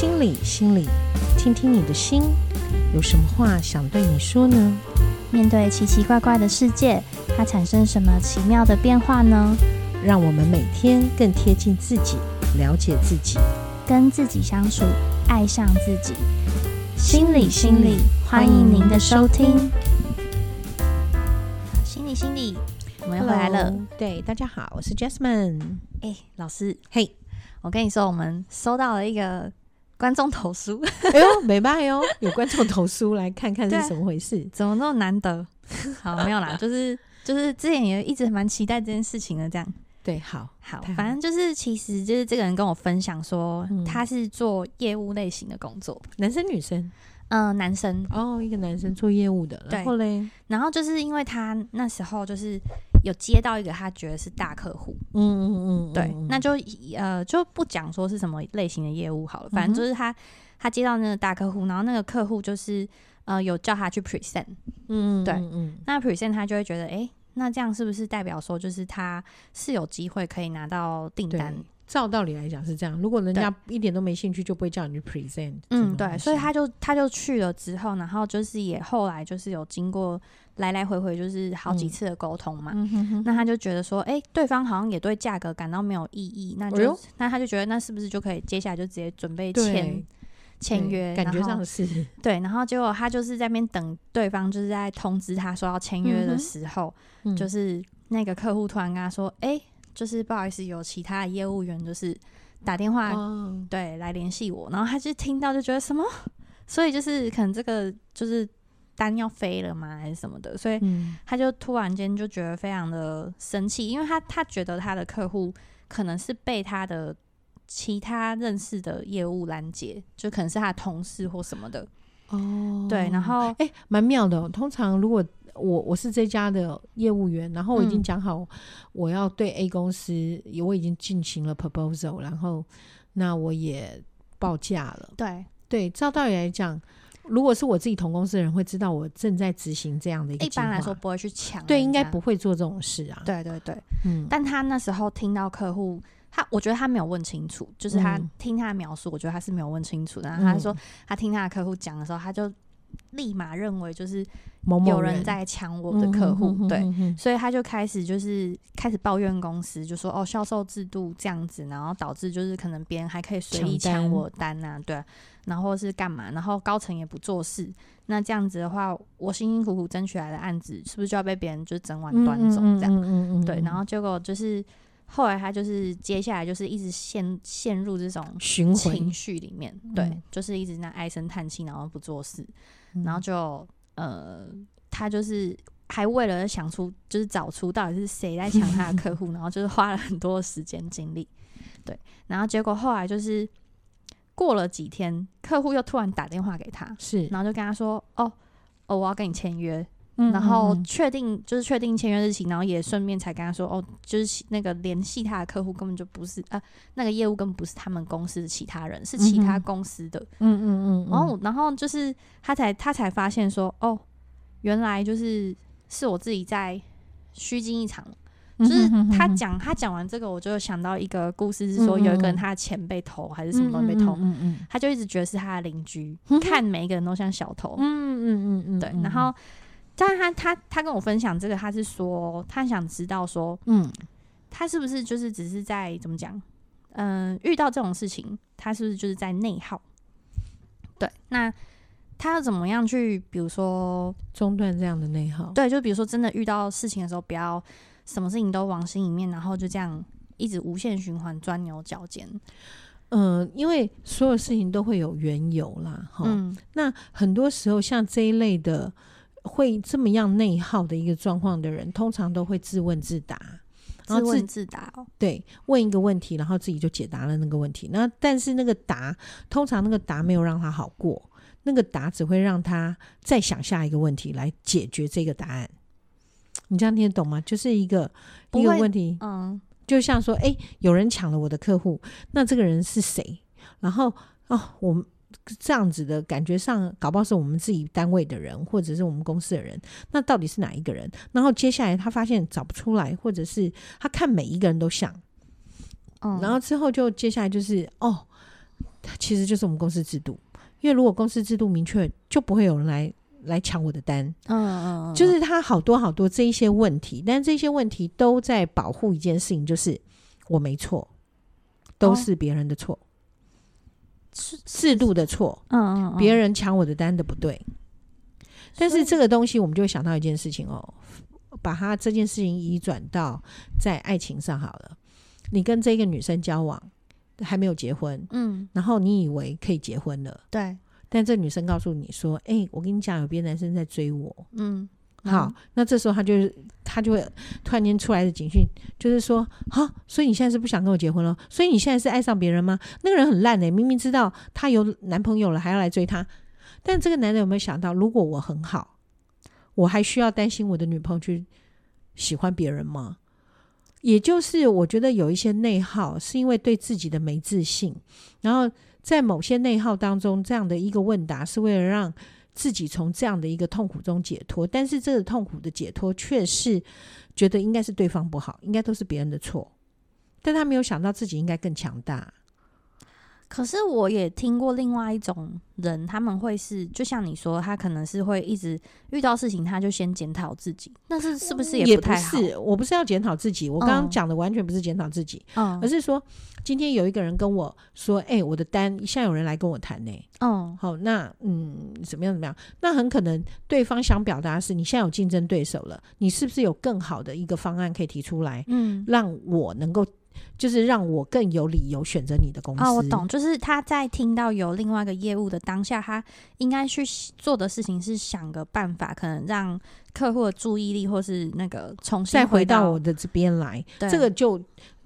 心理，心理，聽聽你的心，有什麼話想對你說呢？面對奇奇怪怪的世界，它產生什麼奇妙的變化呢？讓我們每天更貼近自己，了解自己，跟自己相處，愛上自己。心理，心理，歡迎您的收聽。好，心理，心理，心裡我們又回來了。對，大家好，我是 Jasmine。哎、欸，老師，嘿，hey, 我跟你說，我們收到了一個。觀眾投書，哎 呦、欸哦，沒辦喲，有觀眾投書，來看看是怎麼回事？ 啊、怎麼那麼難得？好，沒有啦， 就是就是之前也一直蠻期待這件事情的，這樣對，好好，好，反正就是其實就是這個人跟我分享說，嗯、他是做業務類型的工作，男生女生？嗯、呃，男生哦，一個男生做業務的，然後嘞，然後就是因為他那時候就是。有接到一個他覺得是大客戶，嗯嗯嗯，嗯，對，那就呃就不講說是什麼類型的業務好了，嗯哼，反正就是他他接到那個大客戶，然後那個客戶就是呃有叫他去 present，嗯嗯，嗯，嗯對，嗯，那 present 他就會覺得，哎、欸，那這樣是不是代表說就是他是有機會可以拿到訂單對？照道理來講是這樣，如果人家一點都沒興趣，就不會叫你去 present。嗯，對，所以他就他就去了之後，然後就是也後來就是有經過。來來回回就是好幾次的溝通嘛，嗯嗯、哼哼，那他就覺得說，哎、欸，對方好像也對價格感到沒有異議，那就、哦、呦那他就覺得那是不是就可以接下來就直接準備簽簽對約，嗯、後感覺上是對，然後結果他就是在那邊等對方就是在通知他說要簽約的時候，嗯、哼就是那個客戶突然跟他說，哎、欸，就是不好意思，有其他的業務員就是打電話、嗯、對來聯繫我，然後他就聽到就覺得什麼，所以就是可能這個就是。單要飛了嗎，還是什麼的？所以他就突然間就覺得非常的生氣，嗯、因為他他覺得他的客戶可能是被他的其他認識的業務攔截，就可能是他同事或什麼的。哦，對，然後誒，蠻、欸、妙的喔。通常如果我我是這家的業務員，然後我已經講好我要對 A 公司，嗯、我已經進行了 proposal，然後那我也報價了。對對，照道理來講。如果是我自己同公司的人會知道我正在執行這樣的一個，一般來說不會去搶，對，應該不會做這種事啊。對對對，嗯。但他那時候聽到客戶，他，我覺得他沒有問清楚，就是他聽他的描述，嗯、我覺得他是沒有問清楚的。然後他說、嗯、他聽他的客戶講的時候，他就立馬認為就是某某人在搶我的客戶，某某對，所以他就開始就是開始抱怨公司，就說哦，銷售制度這樣子，然後導致就是可能別人還可以隨意搶我單啊，單對啊。然後是幹嘛？然後高層也不做事，那這樣子的話，我辛辛苦苦爭取來的案子，是不是就要被別人就整碗端走這樣？對，然後結果就是後來他就是接下來就是一直陷陷入這種情緒裡面，環對，嗯、就是一直在唉聲嘆氣，然後不做事，嗯、然後就呃，他就是還為了想出就是找出到底是誰在搶他的客戶， 然後就是花了很多的時間精力，對，然後結果後來就是。過了幾天，客戶又突然打電話給他，是，然後就跟他說：“哦，哦，我要跟你簽約，嗯嗯嗯然後確定就是確定簽約日期，然後也順便才跟他說，哦，就是那個聯繫他的客戶根本就不是啊、呃，那個業務根本不是他們公司的其他人，是其他公司的，嗯嗯，嗯嗯嗯，然後然後就是他才他才發現說，哦，原來就是是我自己在虛驚一場。”就是他講，他講完這個，我就想到一個故事，是說有一個人他的錢被偷，還是什麼東西被偷，嗯嗯，他就一直覺得是他的鄰居，看每一個人都像小偷。嗯嗯嗯嗯，對。然後，但他他他跟我分享這個，他是說他想知道說，嗯，他是不是就是只是在怎麼講？嗯，遇到這種事情，他是不是就是在內耗？對，那他要怎麼樣去，比如說中斷這樣的內耗？對，就比如說真的遇到事情的時候，不要。什麼事情都往心裡面，然後就這樣一直無限循環鑽牛角尖。嗯、呃，因為所有事情都會有緣由啦，哈、嗯。那很多時候像這一類的會這麼樣內耗的一個狀況的人，通常都會自問自答，然後自，自問自答、哦。對，問一個問題，然後自己就解答了那個問題。那但是那個答，通常那個答沒有讓他好過，那個答只會讓他再想下一個問題來解決這個答案。你這樣聽得懂嗎？就是一個會一個問題，嗯，就像說，哎、欸，有人搶了我的客戶，那這個人是誰？然後哦，我們這樣子的感覺上，搞不好是我們自己單位的人，或者是我們公司的人，那到底是哪一個人？然後接下來他發現找不出來，或者是他看每一個人都像，嗯，然後之後就接下來就是哦，他其實就是我們公司制度，因為如果公司制度明確，就不會有人來。來搶我的單，嗯嗯，就是他好多好多這一些問題，但這些問題都在保護一件事情，就是我沒錯，都是別人的錯，適、oh. 度的錯，嗯嗯、oh, oh, oh, oh. 別人搶我的單的不對，So. 但是這個東西我們就會想到一件事情哦，把他這件事情移轉到在愛情上好了，你跟這個女生交往還沒有結婚，嗯，然後你以為可以結婚了，對。但這女生告訴你說：“哎、欸，我跟你講，有別的男生在追我。”嗯，嗯，好，那這時候他就是他就會突然間出來的警訊，就是說，好，所以你現在是不想跟我結婚了？所以你現在是愛上別人嗎？那個人很爛的、欸，明明知道她有男朋友了，還要來追她。但這個男人有沒有想到，如果我很好，我還需要擔心我的女朋友去喜歡別人嗎？也就是，我覺得有一些內耗，是因為對自己的沒自信，然後。在某些內耗當中，這樣的一個問答是為了讓自己從這樣的一個痛苦中解脫，但是這個痛苦的解脫卻是覺得應該是對方不好，應該都是別人的錯，但他沒有想到自己應該更強大。可是我也聽過另外一種人，他們會是就像你說，他可能是會一直遇到事情，他就先檢討自己。但是是不是也不太好，也不是，我不是要檢討自己，我剛剛講的完全不是檢討自己，嗯、而是說今天有一個人跟我說：“哎、欸，我的單現在有人來跟我談呢、欸。嗯”哦，好，那嗯，怎麼樣？怎麼樣？那很可能對方想表達的是你現在有競爭對手了，你是不是有更好的一個方案可以提出來？嗯，讓我能夠。就是讓我更有理由選擇你的公司、啊。我懂，就是他在聽到有另外一個業務的當下，他應該去做的事情是想個辦法，可能讓客戶的注意力或是那個重新回到再回到我的這邊來。對這個就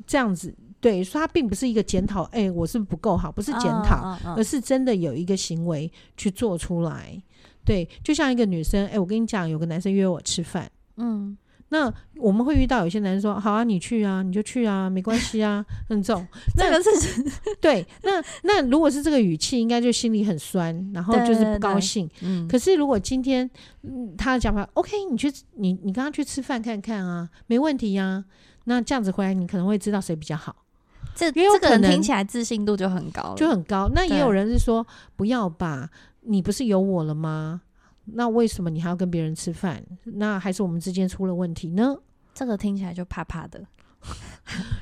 這樣子，對，所以他並不是一個檢討，哎、欸，我是不夠好，不是檢討，嗯嗯嗯、而是真的有一個行為去做出來。對，就像一個女生，哎、欸，我跟你講，有個男生約我吃飯，嗯。那我們會遇到有些男生說：“好啊，你去啊，你就去啊，沒關係啊， 很重。”這個是對。那那如果是這個語氣，應該就心裡很酸，然後就是不高興。對對對，可是如果今天、嗯、他的講話、嗯、OK，你去，你你剛剛去吃飯看看啊，沒問題呀、啊。那這樣子回來，你可能會知道誰比較好。這有可能這個聽起來自信度就很高，就很高。那也有人是說：“對不要吧，你不是有我了嗎？”那為什麼你還要跟別人吃飯？那還是我們之間出了問題呢？這個聽起來就怕怕的。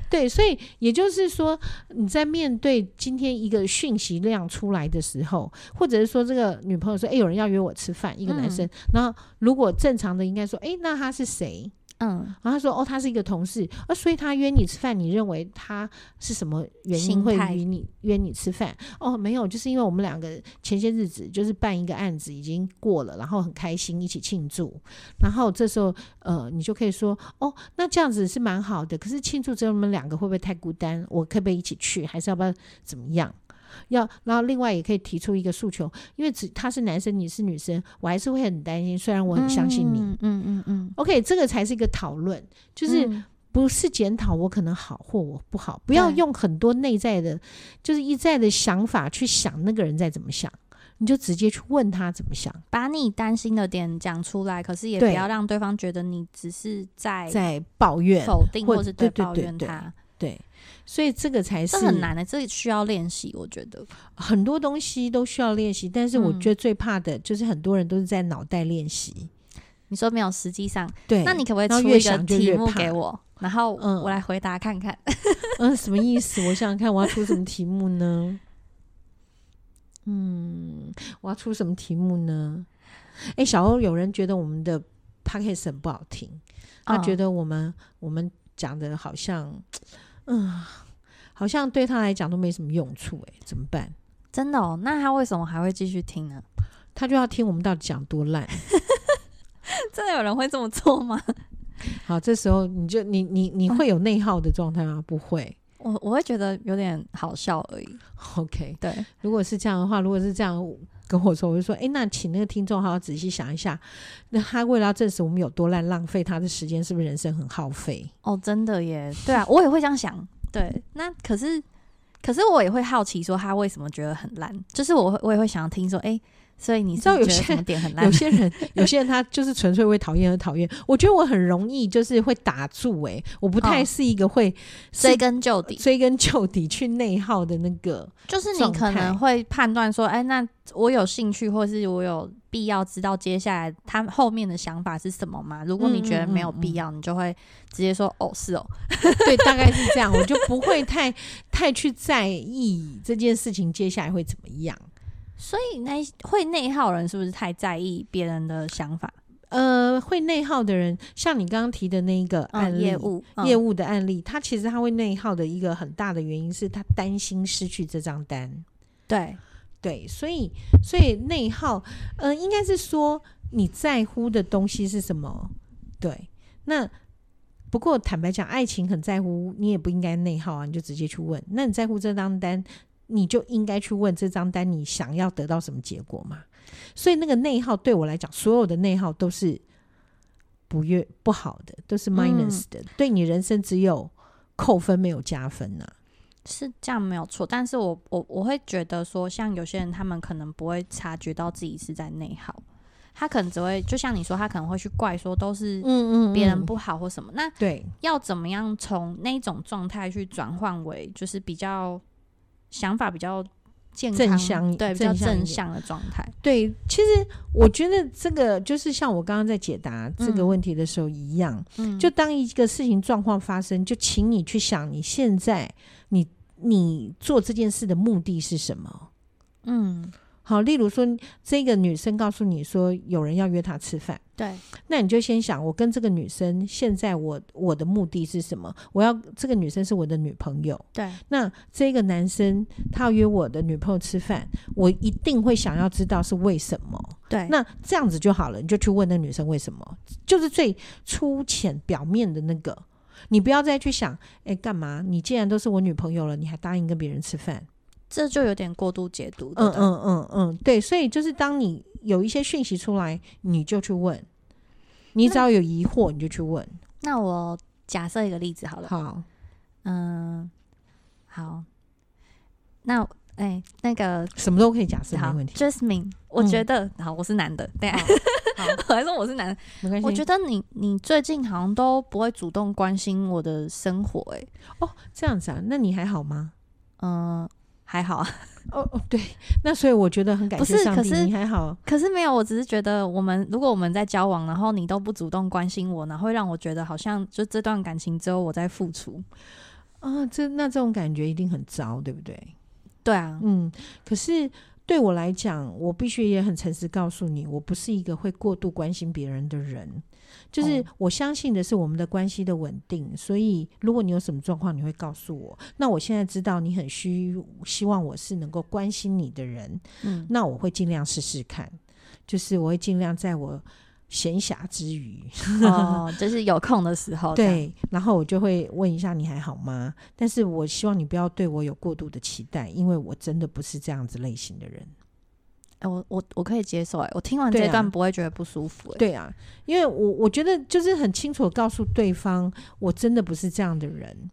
對，所以也就是說，你在面對今天一個訊息量出來的時候，或者是說這個女朋友說：“欸，有人要約我吃飯，一個男生。”嗯，然後如果正常的應該說：“欸，那他是誰？”嗯，然後他說，哦，他是一個同事，啊，所以他約你吃飯，你認為他是什麼原因會約你態約你吃飯？哦，沒有，就是因為我們兩個前些日子就是辦一個案子已經過了，然後很開心一起慶祝，然後這時候，呃，你就可以說，哦，那這樣子是蠻好的，可是慶祝只有我們兩個會不會太孤單？我可不可以一起去，還是要不要怎麼樣？要，然後另外也可以提出一個訴求，因為只他是男生，你是女生，我還是會很擔心。雖然我很相信你，嗯嗯嗯。嗯嗯嗯 OK，這個才是一個討論，就是不是檢討我可能好或我不好，不要用很多內在的，對就是一再的想法去想那個人在怎麼想，你就直接去問他怎麼想，把你擔心的點講出來。可是也不要讓對方覺得你只是在對在抱怨、否定，或是對抱怨他對，對，對，對，對，對。對所以這個才是很難的，這需要練習。我覺得很多東西都需要練習，嗯、但是我覺得最怕的就是很多人都是在腦袋練習。你說沒有實，實際上對。那你可不可以出一個題目給我，然後，然後我來回答看看嗯？嗯，什麼意思？我想想看，我要出什麼題目呢？ 嗯，我要出什麼題目呢？哎、欸，小歐，有人覺得我們的 podcast 很不好聽，他覺得我們、嗯、我們講的好像。嗯，好像對他來講都沒什麼用處誒，怎麼辦？真的哦，那他為什麼還會繼續聽呢？他就要聽我們到底講多爛。 真的有人會這麼做嗎？好，這時候你就你你你會有內耗的狀態嗎？哦。不會，我我會覺得有點好笑而已。OK，對，如果是這樣的話，如果是這樣。跟我說，我就說，哎、欸，那請那個聽眾好好仔細想一下，那他為了要證實我們有多爛，浪費他的時間，是不是人生很耗費？哦，真的耶，對啊，我也會這樣想。 對，那可是可是我也會好奇，說他為什麼覺得很爛？就是我我也會想要聽說，哎、欸。所以你是不是覺得什麼點很爛，知道？有些有些人有些人他就是純粹為討厭而討厭。我覺得我很容易就是會打住誒、欸，我不太是一個會追根究底、追根究底去內耗的那個。就是你可能會判斷說，哎、欸，那我有興趣，或是我有必要知道接下來他後面的想法是什麼嗎？如果你覺得沒有必要，嗯、你就會直接說哦，是哦，對， 大概是這樣，我就不會太太去在意這件事情接下來會怎麼樣。所以那會內耗人是不是太在意別人的想法？呃，會內耗的人，像你剛剛提的那一個案例，嗯、業務、嗯、業務的案例，他其實他會內耗的一個很大的原因是他擔心失去這張單。對對，所以所以內耗，呃，應該是說你在乎的東西是什麼？對，那不過坦白講，愛情很在乎，你也不應該內耗啊，你就直接去問。那你在乎這張單？你就應該去問這張單，你想要得到什麼結果嘛？所以那個內耗對我來講，所有的內耗都是不越不好的，都是 minus 的，嗯、對你人生只有扣分沒有加分吶、啊。是這樣沒有錯，但是我我我會覺得說，像有些人他們可能不會察覺到自己是在內耗，他可能只會就像你說，他可能會去怪說都是嗯嗯別人不好或什麼。嗯嗯嗯對那對要怎麼樣從那種狀態去轉換為就是比較。想法比較健康正向，對，比較正向的狀態。對，其實我覺得這個就是像我剛剛在解答這個問題的時候一樣，嗯、就當一個事情狀況發生，就請你去想，你現在你你做這件事的目的是什麼？嗯，好，例如說，這個女生告訴你說有人要約她吃飯。對，那你就先想，我跟這個女生現在我我的目的是什麼？我要這個女生是我的女朋友。對，那這個男生他要約我的女朋友吃飯，我一定會想要知道是為什麼。對，那這樣子就好了，你就去問那女生為什麼，就是最粗淺表面的那個。你不要再去想，哎、欸，幹嘛？你既然都是我女朋友了，你還答應跟別人吃飯，這就有點過度解讀。嗯，對吧？嗯嗯嗯，對，所以就是當你有一些訊息出來，你就去問。你只要有疑惑，你就去問。那，那我假設一個例子好了。好，嗯、呃，好。那，哎、欸，那個什麼都可以假設，好沒問題。Jasmine，我覺得，嗯、好，我是男的，對啊，哦、好， 我還說我是男的，沒關係。我覺得你，你最近好像都不會主動關心我的生活、欸，哎，哦，這樣子啊？那你還好嗎？嗯、呃。還好啊、哦，哦哦，對，那所以我覺得很感謝上帝，你還好可，可是沒有，我只是覺得我們如果我們在交往，然後你都不主動關心我，那會讓我覺得好像就這段感情只有我在付出啊、呃，這，那這種感覺一定很糟，對不對？對啊，嗯，可是。對我來講，我必須也很誠實告訴你，我不是一個會過度關心別人的人。就是我相信的是我們的關係的穩定，哦、所以如果你有什麼狀況，你會告訴我。那我現在知道你很需希望我是能夠關心你的人，嗯，那我會盡量試試看，就是我會盡量在我。閒暇之餘，哦，就是有空的時候。 對，然後我就會問一下你還好嗎？但是我希望你不要對我有過度的期待，因為我真的不是這樣子類型的人。哎，我我我可以接受哎，我聽完這段不會覺得不舒服哎。對啊，對啊，因為我我覺得就是很清楚告訴對方，我真的不是這樣的人。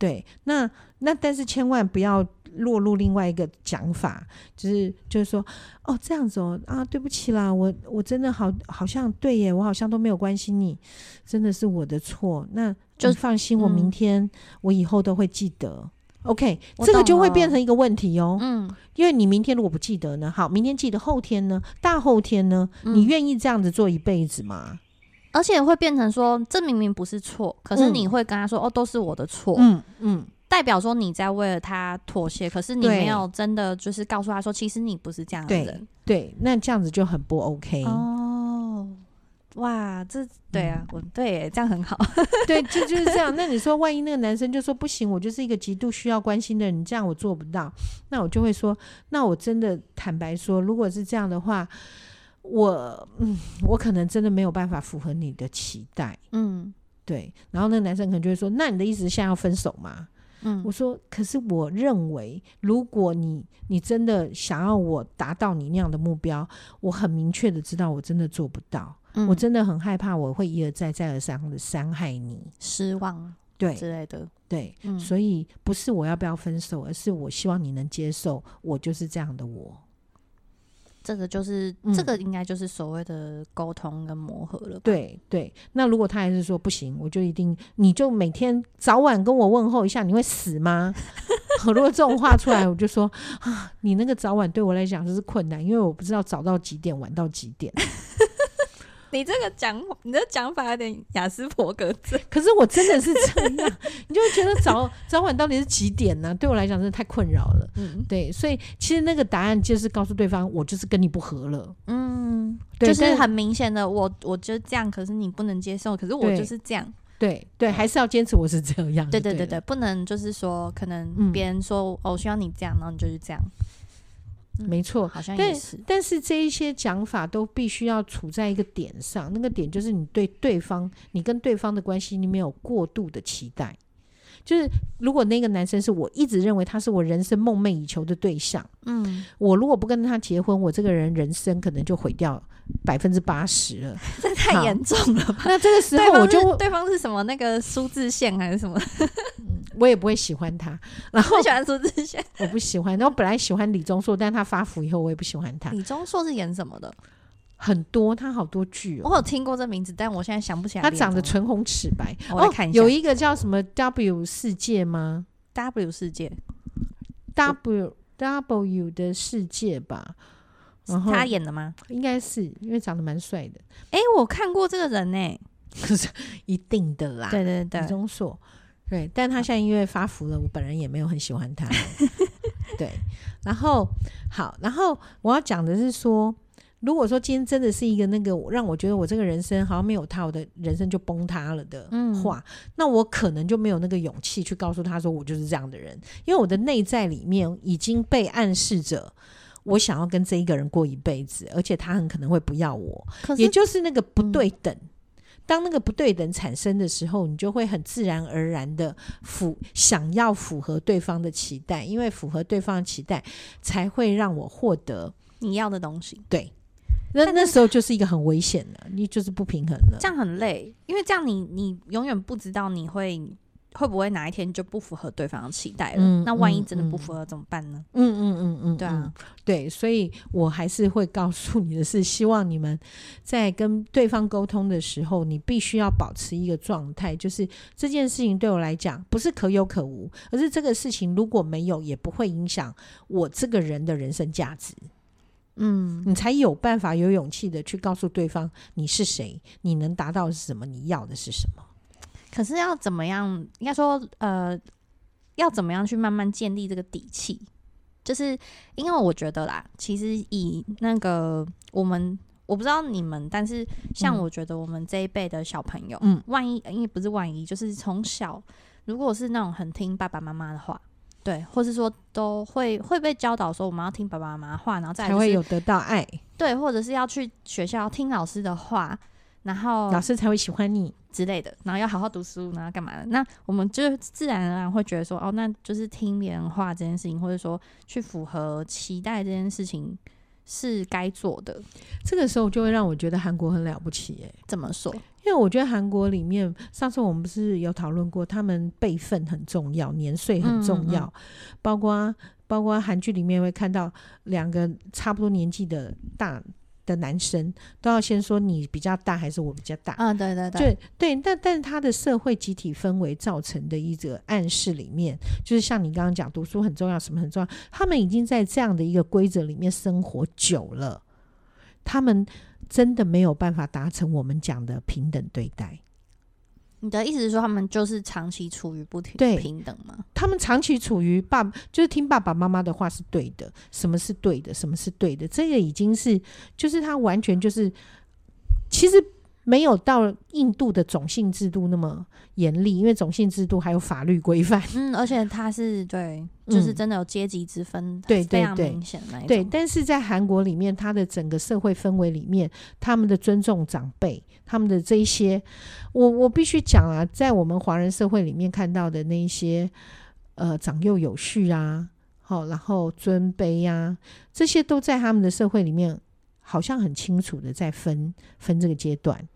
對，那。那但是千萬不要落入另外一個講法，就是就是說，哦，這樣子哦，啊，對不起啦，我我真的好好像對耶，我好像都沒有關心你，真的是我的錯。那就放心，我明天、嗯、我以後都會記得。OK，這個就會變成一個問題哦。嗯，因為你明天如果不記得呢，好，明天記得，後天呢，大後天呢，嗯、你願意這樣子做一輩子嗎？而且會變成說，這明明不是錯，可是你會跟他說，嗯、哦，都是我的錯。嗯嗯。嗯代表說你在為了他妥協，可是你沒有真的就是告訴他說，其實你不是這樣的人對。對，那這樣子就很不 OK 哦。Oh, 哇，這對啊，嗯、我對耶，這樣很好。 對，就就是這樣。那你說，萬一那個男生就說不行，我就是一個極度需要關心的人，這樣我做不到，那我就會說，那我真的坦白說，如果是這樣的話，我嗯，我可能真的沒有辦法符合你的期待。嗯，對。然後那個男生可能就會說，那你的意思是想要分手嗎？嗯，我說，可是我認為，如果你你真的想要我達到你那樣的目標，我很明確的知道，我真的做不到。嗯，我真的很害怕，我會一而再、再而三的傷害你、失望，對之類的。對，對，嗯，所以不是我要不要分手，而是我希望你能接受我就是這樣的我。這個就是這個，應該就是所謂的溝通跟磨合了吧。嗯，對對，那如果他還是說不行，我就一定你就每天早晚跟我問候一下，你會死嗎？ 如果這種話出來，我就說 啊，你那個早晚對我來講就是困難，因為我不知道早到幾點，晚到幾點。 你這個講，你的講法有點亞斯伯格症。可是我真的是真的， 你就會覺得早早晚到底是幾點呢？啊？對我來講真的太困擾了。嗯，對，所以其實那個答案就是告訴對方，我就是跟你不合了。嗯，對就是很明顯的，但我我就這樣，可是你不能接受，可是我就是這樣。對對，對，還是要堅持我是這樣對。對對對對，不能就是說，可能別人說、嗯、哦我需要你這樣，然後你就是這樣。沒錯，嗯，好像也是。但是這一些講法都必須要處在一個點上，那個點就是你對對方，你跟對方的關係，你沒有過度的期待。就是如果那個男生是我一直認為他是我人生夢寐以求的對象，嗯，我如果不跟他結婚，我這個人人生可能就毀掉了。百分之八十了，這太嚴重了吧。那這個時候對方是我，就對方是什麼那個蘇志燮還是什麼，我也不會喜歡他。然後不喜歡蘇志燮，我不喜歡。那我本來喜歡李鐘碩， 但是他發福以後我也不喜歡他。李鐘碩是演什麼的？很多他好多劇。哦，我有聽過這名字，但我現在想不起來。他長得唇紅齒白，我看一下、哦、有一個叫什麼 W 世界嗎？W 世界，W W 的世界吧。然後是他演的嗎？應該是，因為長得蠻帥的。哎，我看過這個人呢、欸，是 一定的啦。對對對，李鍾碩。對，但他現在因為發福了，好我本人也沒有很喜歡他。 對，然後好，然後我要講的是說，如果說今天真的是一個那個讓我覺得我這個人生好像沒有他，我的人生就崩塌了的話，嗯、那我可能就沒有那個勇氣去告訴他說我就是這樣的人，因為我的內在裡面已經被暗示着。我想要跟這一個人過一輩子，而且他很可能會不要我，可是，也就是那個不對等。嗯、當那個不對等產生的時候，你就會很自然而然的符想要符合對方的期待，因為符合對方的期待才會讓我獲得你要的東西。對，那那時候就是一個很危險的，你就是不平衡的。這樣很累，因為這樣你你永遠不知道你會。會不會哪一天就不符合對方的期待了？嗯、那萬一真的不符合怎麼辦呢？嗯嗯嗯嗯，嗯嗯嗯對啊，對，所以我還是會告訴你的是，希望你們在跟對方溝通的時候，你必須要保持一個狀態，就是這件事情對我來講不是可有可無，而是這個事情如果沒有，也不會影響我這個人的人生價值。嗯，你才有辦法有勇氣的去告訴對方你是誰，你能達到什麼，你要的是什麼。可是要怎麼樣？應該說，呃，要怎麼樣去慢慢建立這個底氣？就是因為我覺得啦，其實以那個我們，我不知道你們，但是像我覺得我們這一輩的小朋友，嗯，萬一，因為不是萬一，就是從小，如果是那種很聽爸爸媽媽的話，對，或是說都會會被教導說我們要聽爸爸媽媽話，然後再來、就是、才會有得到愛，對，或者是要去學校聽老師的話。然後老師才會喜歡你之類的，然後要好好讀書，然後幹嘛的？那我們就自然而然會覺得說，哦，那就是聽別人話這件事情，或者說去符合期待這件事情是該做的。這個時候就會讓我覺得韓國很了不起，欸，怎麼說？對因為我覺得韓國裡面，上次我們不是有討論過，他們輩分很重要，年歲很重要，嗯嗯嗯，包括包括韓劇裡面會看到兩個差不多年紀的大。的男生都要先說你比較大還是我比較大。啊、嗯，對對對，對，但但是他的社會集體氛圍造成的一個暗示裡面，就是像你剛剛講讀書很重要，什麼很重要，他們已經在這樣的一個規則裡面生活久了，他們真的沒有辦法達成我們講的平等對待。你的意思是說，他們就是長期處於不平平等嗎？對，他們長期處於爸，就是聽爸爸媽媽的話是對的，什麼是對的，什麼是對的，對的這個已經是，就是他完全就是，嗯、其實。沒有到印度的種姓制度那麼嚴厲，因為種姓制度還有法律規範。嗯，而且它是對，就是真的有階級之分，嗯、非常對對對，明顯的那一種。對，但是在韓國裡面，它的整個社會氛圍裡面，他們的尊重長輩，他們的這一些，我我必須講啊，在我們華人社會裡面看到的那一些，呃，長幼有序啊，好，然後尊卑呀、啊，這些都在他們的社會裡面。好像很清楚的在分分這個階段，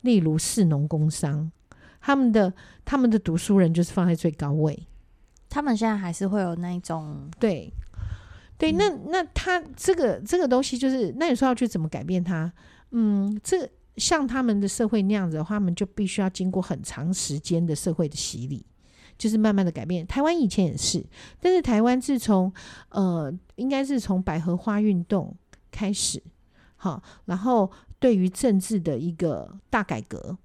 例如士農工商，他們的他們的讀書人就是放在最高位。他們現在還是會有那一種，對對，那那他這個這個東西就是，那你說要去怎麼改變他？嗯，這個，像他們的社會那樣子的話，他們就必須要經過很長時間的社會的洗禮，就是慢慢的改變。台灣以前也是，但是台灣自從呃，應該是從百合花運動開始。好，然後對於政治的一個大改革，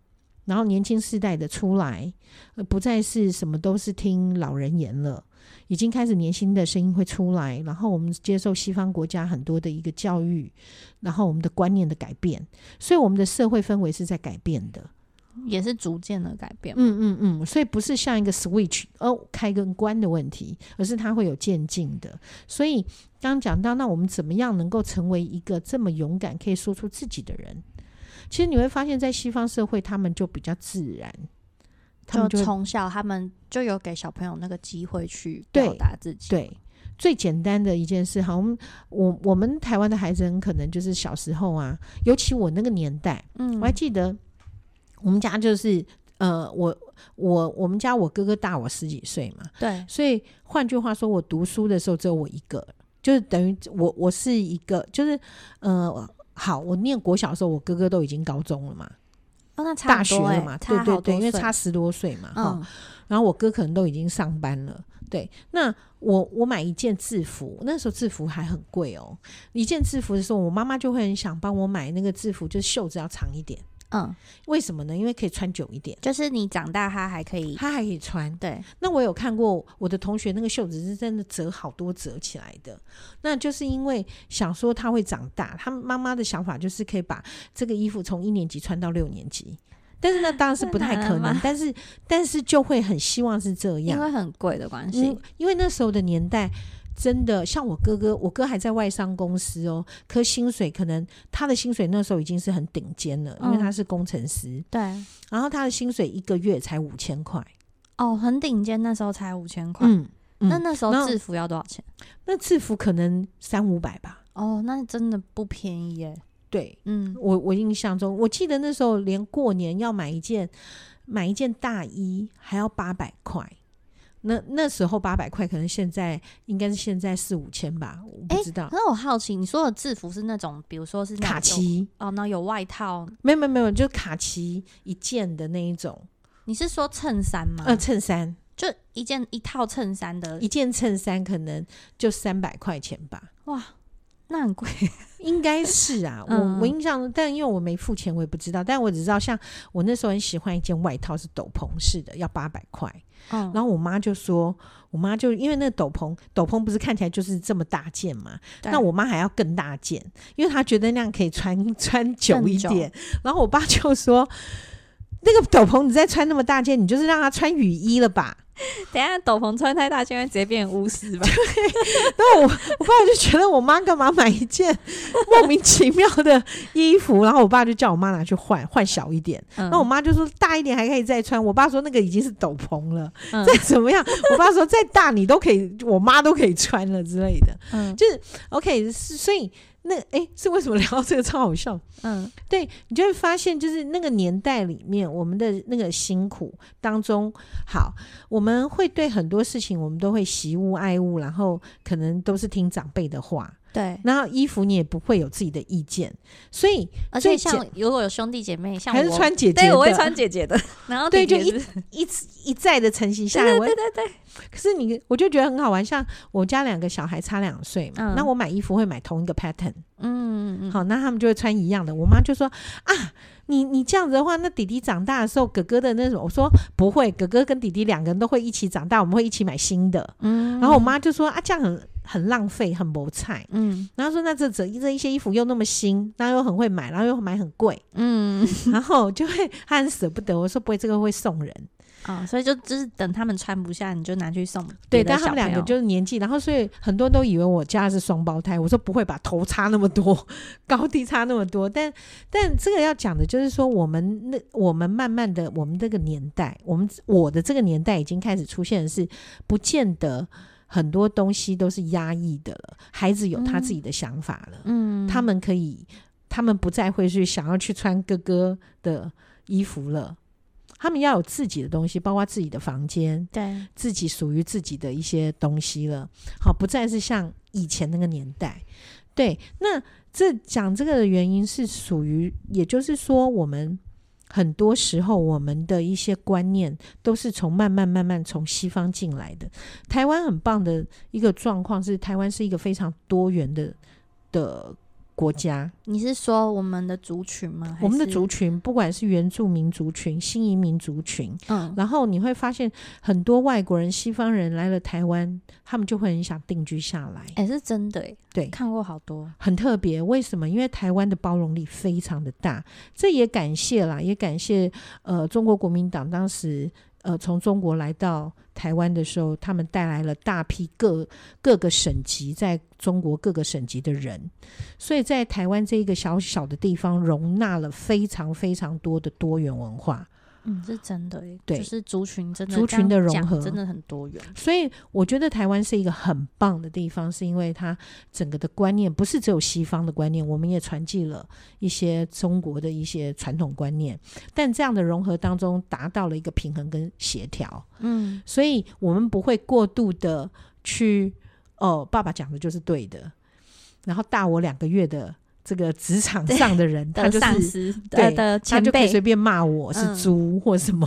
然後年輕世代的出來，呃，不再是什麼都是聽老人言了，已經開始年輕的聲音會出來，然後我們接受西方國家很多的一個教育，然後我們的觀念的改變，所以我們的社會氛圍是在改變的。也是逐漸的改變，嗯。嗯嗯嗯，所以不是像一個 switch 哦，開跟關的問題，而是它會有漸進的。所以剛講到，那我們怎麼樣能夠成為一個這麼勇敢可以說出自己的人？其實你會發現在西方社會，他們就比較自然，他們從小他們就有給小朋友那個機會去表達自己對。對，最簡單的一件事，哈，我們我我們台灣的孩子很可能就是小時候啊，尤其我那個年代，嗯，我還記得。我們家就是，呃，我我我們家我哥哥大我十幾歲嘛，對，所以換句話說，我讀書的時候只有我一個，就是等於我我是一個，就是呃，好，我念國小的時候，我哥哥都已經高中了嘛，哦，那差很多、欸、大學了嘛，差好多歲，對對對，因為差十多歲嘛，嗯，然後我哥可能都已經上班了，對，那我我買一件制服，那時候制服還很貴哦，一件制服的時候，我媽媽就會很想幫我買那個制服，就是袖子要長一點。嗯，為什麼呢？因為可以穿久一點，就是你長大他還可以，他還可以穿。對，那我有看過我的同學那個袖子是真的折好多折起來的，那就是因為想說他會長大，他媽媽的想法就是可以把這個衣服從一年級穿到六年級，但是那當然是不太可能，但是但是就會很希望是這樣，因為很貴的關係，因為那時候的年代。真的像我哥哥，我哥還在外商公司哦，可薪水可能他的薪水那時候已經是很頂尖了，因為他是工程師。嗯、對。然後他的薪水一個月才五千塊，哦，很頂尖，那時候才五千塊。嗯。那那時候制服要多少錢？那制服可能三五百吧。哦，那真的不便宜耶、欸。對。嗯，我我印象中，我記得那時候連過年要買一件買一件大衣還要八百塊。那那時候八百塊，可能現在應該是現在四五千吧，欸、我不知道。可是我好奇，你說的制服是那種，比如說是卡其哦，那有外套？沒有沒有沒有，就卡其一件的那一種。你是說襯衫嗎？呃、襯衫就一件一套襯衫的一件襯衫可能就三百塊錢吧。哇！那很貴， 應該是啊。嗯、我我印象，但因為我沒付錢，我也不知道。但我只知道，像我那時候很喜歡一件外套，是斗篷式的，要八百塊。嗯、然後我媽就說，我媽就因為那個斗篷，斗篷不是看起來就是這麼大件嘛？對 那我媽還要更大件，因為她覺得那樣可以穿穿久一點。更久 然後我爸就說。那個斗篷你再穿那麼大件，你就是讓他穿雨衣了吧？等一下斗篷穿太大件，會直接變成巫師吧？ 對，然後我我爸就覺得我媽幹嘛買一件莫名其妙的衣服，然後我爸就叫我媽拿去換，換小一點。那我媽就說大一點還可以再穿，我爸說那個已經是斗篷了，嗯、再怎麼樣，我爸說再大你都可以，我媽都可以穿了之類的。嗯、就是 OK 所以。那哎、欸，是為什麼聊到這個超好笑？嗯，對，你就會發現，就是那個年代裡面，我們的那個辛苦當中，好，我們會對很多事情，我們都會習物愛物，然後可能都是聽長輩的話。對，然後衣服你也不會有自己的意見，所以而且像如果有兄弟姐妹，像我還是穿姐姐的，對，我會穿姐姐的。然後對，就一一一再的承襲下來。我對對對，對，對。可是你，我就覺得很好玩。像我家兩個小孩差兩歲嘛，嗯、那我買衣服會買同一個 pattern。嗯嗯嗯。好，那他們就會穿一樣的。我媽就說啊，你你這樣子的話，那弟弟長大的時候，哥哥的那種，我說不會，哥哥跟弟弟兩個人都會一起長大，我們會一起買新的。嗯，嗯。然後我媽就說啊，這樣很。很浪費，很磨菜。嗯，然後說，那這這這一些衣服又那麼新，然後又很會買，然後又買很貴。嗯， 然後就會很舍不得。我說不會，這個會送人啊。哦，所以就就是等他們穿不下，你就拿去送。對，但他們兩個就是年紀，然後所以很多人都以為我家是雙胞胎。我說不會吧，頭差那麼多，高低差那麼多。但但這個要講的就是說，我們那我們慢慢的，我們這個年代，我們我的這個年代已經開始出現的是，不見得。很多東西都是壓抑的了，孩子有他自己的想法了，嗯，嗯，他們可以，他們不再會去想要去穿哥哥的衣服了，他們要有自己的東西，包括自己的房間，對自己屬於自己的一些東西了，好，不再是像以前那個年代，對，那這講這個的原因是屬於，也就是說我們。很多時候，我們的一些觀念都是從慢慢、慢慢從西方進來的。台灣很棒的一個狀況是，台灣是一個非常多元的的。國家，你是說我們的族群嗎？我們的族群，不管是原住民族群、新移民族群，嗯，然後你會發現很多外國人、西方人來了台灣，他們就會很想定居下來。誒、欸，是真的欸，誒，對，看過好多，很特別。為什麼？因為台灣的包容力非常的大，這也感謝啦，也感謝呃，中國國民黨當時。呃，從中國來到台灣的時候，他們帶來了大批各各個省籍，在中國各個省籍的人，所以在台灣這一個小小的地方，容納了非常非常多的多元文化。嗯，是真的、欸，對，就是族群真的族群的融合，真的很多元。所以我覺得台灣是一個很棒的地方，是因為它整個的觀念不是只有西方的觀念，我們也傳繼了一些中國的一些傳統觀念。但這樣的融合當中，達到了一個平衡跟協調。嗯，所以我們不會過度的去哦，爸爸講的就是對的，然後大我兩個月的。這個職場上的人，對他就是，的是對、啊、的，他就可以隨便罵我是豬或什麼。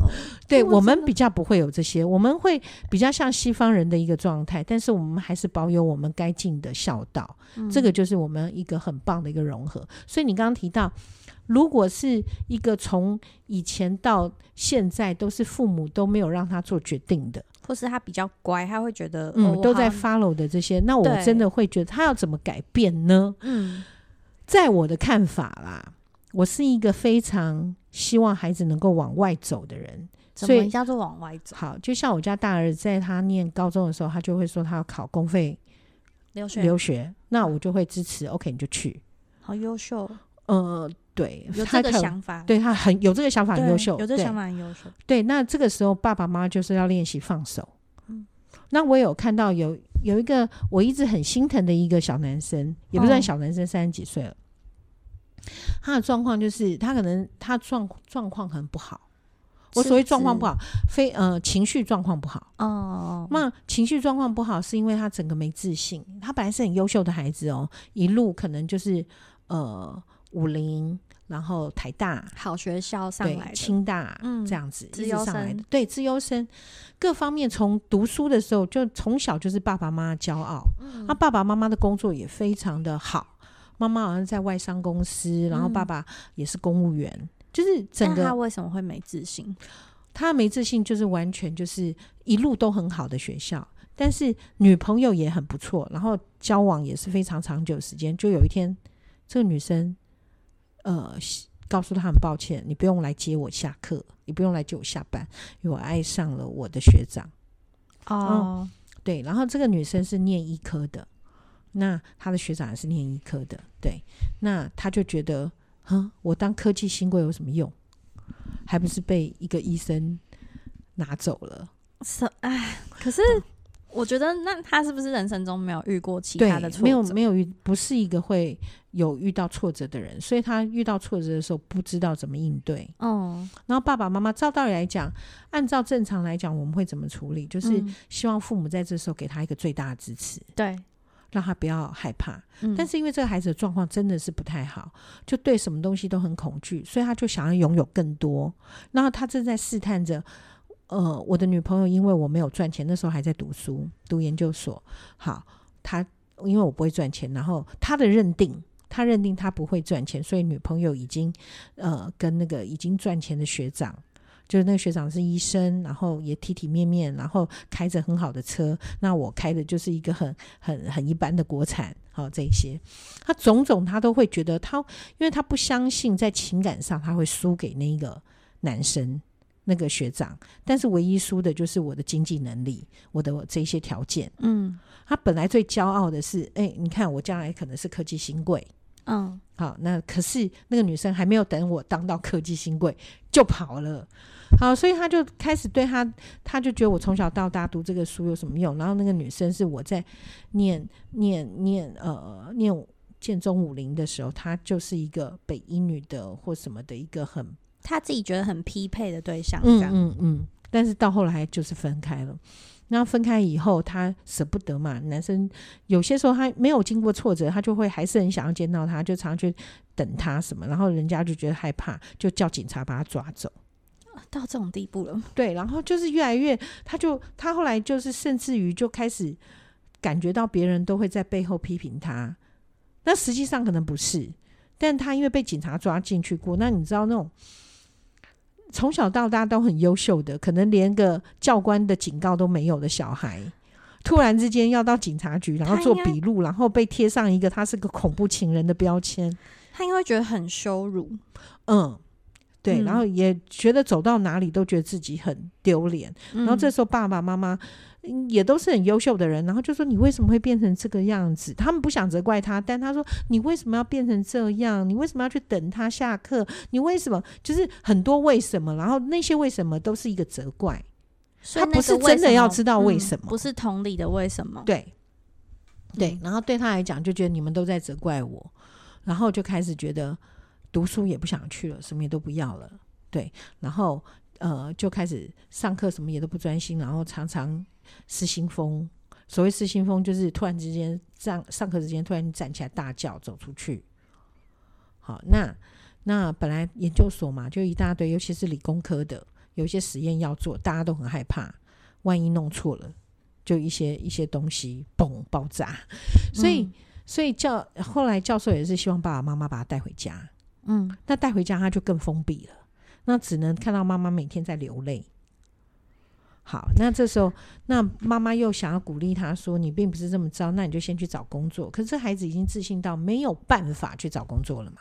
嗯、 對、嗯、我們比較不會有這些，我們會比較像西方人的一個狀態，但是我們還是保有我們該盡的孝道。嗯、這個就是我們一個很棒的一個融合。所以你剛剛提到。如果是一個從以前到現在都是父母都沒有讓他做決定的，或是他比較乖，他會覺得嗯、哦、都在 follow 的這些，我那我真的會覺得他要怎麼改變呢？對在我的看法啦，我是一個非常希望孩子能夠往外走的人，所以叫做往外走。好，就像我家大兒子在他念高中的時候，他就會說他要考公費留學，留學，那我就會支持。OK，你就去，好優秀，呃。對，有這個想法，對他很有這個想法，很優秀，有這個想法，很優秀。對，那這個時候爸爸媽媽就是要練習放手。嗯，那我有看到有有一個我一直很心疼的一個小男生，嗯、也不算小男生，三十幾歲了。嗯、他的狀況就是他可能他狀狀況很不好，我所謂狀況不好，子非呃情緒狀況不好哦。嗯、那情緒狀況不好是因為他整個沒自信，他本來是很優秀的孩子哦，一路可能就是呃。武林，然後台大好學校，上來清大，嗯，這樣子，資優生，對，資優生，各方面從讀書的時候就從小就是爸爸媽媽驕傲，嗯，他爸爸媽媽的工作也非常的好，媽媽好像在外商公司，然後爸爸也是公務員，嗯，就是整個，他為什麼會沒自信？他沒自信就是完全就是一路都很好的學校，但是女朋友也很不錯，然後交往也是非常長久的時間，就有一天這個女生。呃，告訴他很抱歉，你不用來接我下課，你不用來接我下班，因為我愛上了我的學長。哦、oh. 嗯，對，然後這個女生是念醫科的，那她的學長也是念醫科的，對，那他就覺得，哼，我當科技新貴有什麼用？還不是被一個醫生拿走了？是，哎，可是。嗯我覺得那他是不是人生中沒有遇過其他的挫折？沒有，沒有遇，不是一個會有遇到挫折的人，所以他遇到挫折的時候不知道怎麼應對。哦。嗯。然後爸爸媽媽照道理來講，按照正常來講，我們會怎麼處理？就是希望父母在這時候給他一個最大的支持，對、嗯，讓他不要害怕。嗯。但是因為這個孩子的狀況真的是不太好，就對什麼東西都很恐懼，所以他就想要擁有更多。然後他正在試探着。呃，我的女朋友因為我沒有賺錢，那時候還在讀書，讀研究所。好，她因為我不會賺錢，然後她的認定，她認定她不會賺錢，所以女朋友已經呃跟那個已經賺錢的學長，就是那個學長是醫生，然後也體體面面，然後開着很好的車，那我開的就是一個很很很一般的國產。好、哦，這一些，他種種他都會覺得他，因為他不相信在情感上他會輸給那個男生。那個學長，但是唯一輸的就是我的經濟能力，我的這些條件。嗯，他本來最驕傲的是，哎、欸，你看我將來可能是科技新貴。嗯，好，那可是那個女生還沒有等我當到科技新貴就跑了。好，所以他就開始對他，他就覺得我從小到大讀這個書有什麼用？然後那個女生是我在念念念呃念建中五零的時候，她就是一個北一女的或什麼的一個很。他自己覺得很匹配的對象這樣，嗯嗯嗯，但是到後來就是分開了。那分開以後，他捨不得嘛。男生有些時候他沒有經過挫折，他就會還是很想要見到他，就常去等他什麼。然後人家就覺得害怕，就叫警察把他抓走。到這種地步了？對。然後就是越來越，他就他後來就是甚至於就開始感覺到別人都會在背後批評他。那實際上可能不是，但他因為被警察抓進去過，那你知道那種。從小到大都很優秀的，可能連個教官的警告都沒有的小孩，突然之間要到警察局，然後做筆錄，然後被貼上一個他是個恐怖情人的標籤，他應該覺得很羞辱。嗯，對，然後也覺得走到哪裡都覺得自己很丟臉，然後這時候爸爸媽媽。也都是很優秀的人，然後就說你為什麼會變成這個樣子？他們不想責怪他，但他說你為什麼要變成這樣？你為什麼要去等他下課？你為什麼就是很多為什麼？然後那些為什麼都是一個責怪，他不是真的要知道為什麼，嗯、不是同理的為什麼？對，對，嗯、然後對他來講就覺得你們都在責怪我，然後就開始覺得讀書也不想去了，什麼也都不要了。對，然後。呃，就開始上課，什麼也都不專心，然後常常失心瘋。所謂失心瘋，就是突然之間站，上課之間突然站起來大叫，走出去。好，那那本來研究所嘛，就一大堆，尤其是理工科的，有一些實驗要做，大家都很害怕，萬一弄錯了，就一些一些東西嘣爆炸。所以、嗯、所以教後來教授也是希望爸爸媽媽把他帶回家。嗯，那帶回家他就更封閉了。那只能看到媽媽每天在流淚。好，那這時候，那媽媽又想要鼓勵他說：“你並不是這麼糟，那你就先去找工作。”可是這孩子已經自信到沒有辦法去找工作了嘛？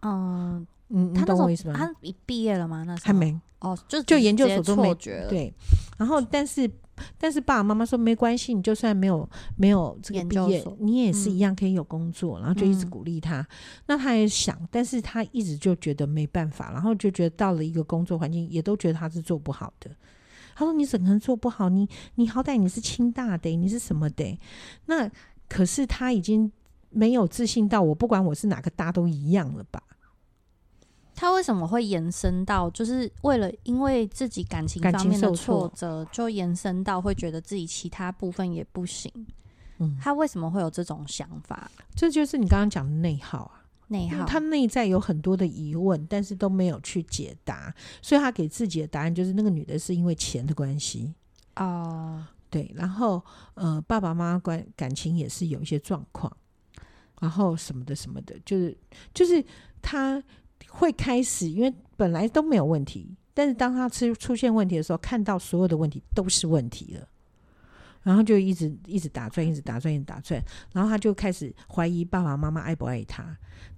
呃、嗯，他，那你懂我意思嗎？他畢業了嗎？那時候還沒哦，就就研究所都沒。對，然後但是。但是爸爸媽媽說沒關係，你就算沒有沒有這個畢業，你也是一樣可以有工作。嗯、然後就一直鼓勵他。嗯、那他也想，但是他一直就覺得沒辦法，然後就覺得到了一個工作環境，也都覺得他是做不好的。他說：“你整個人做不好？你你好歹你是清大的，你是什麼的？”那可是他已經沒有自信到我不管我是哪個大都一樣了吧。他為什麼會延伸到，就是為了因為自己感情方面的挫折，就延伸到會覺得自己其他部分也不行？嗯，他為什麼會有這種想法？這就是你剛剛講的內耗啊，內耗。他內在有很多的疑問，但是都沒有去解答，所以他給自己的答案就是那個女的是因為錢的關係哦。呃、對，然後呃，爸爸媽媽關感情也是有一些狀況，然後什麼的什麼的，就是就是他。會開始，因為本來都沒有問題，但是當他出出現問題的時候，看到所有的問題都是問題了，然後就一直一直打轉，一直打轉，一直打轉，然後他就開始懷疑爸爸媽媽愛不愛他，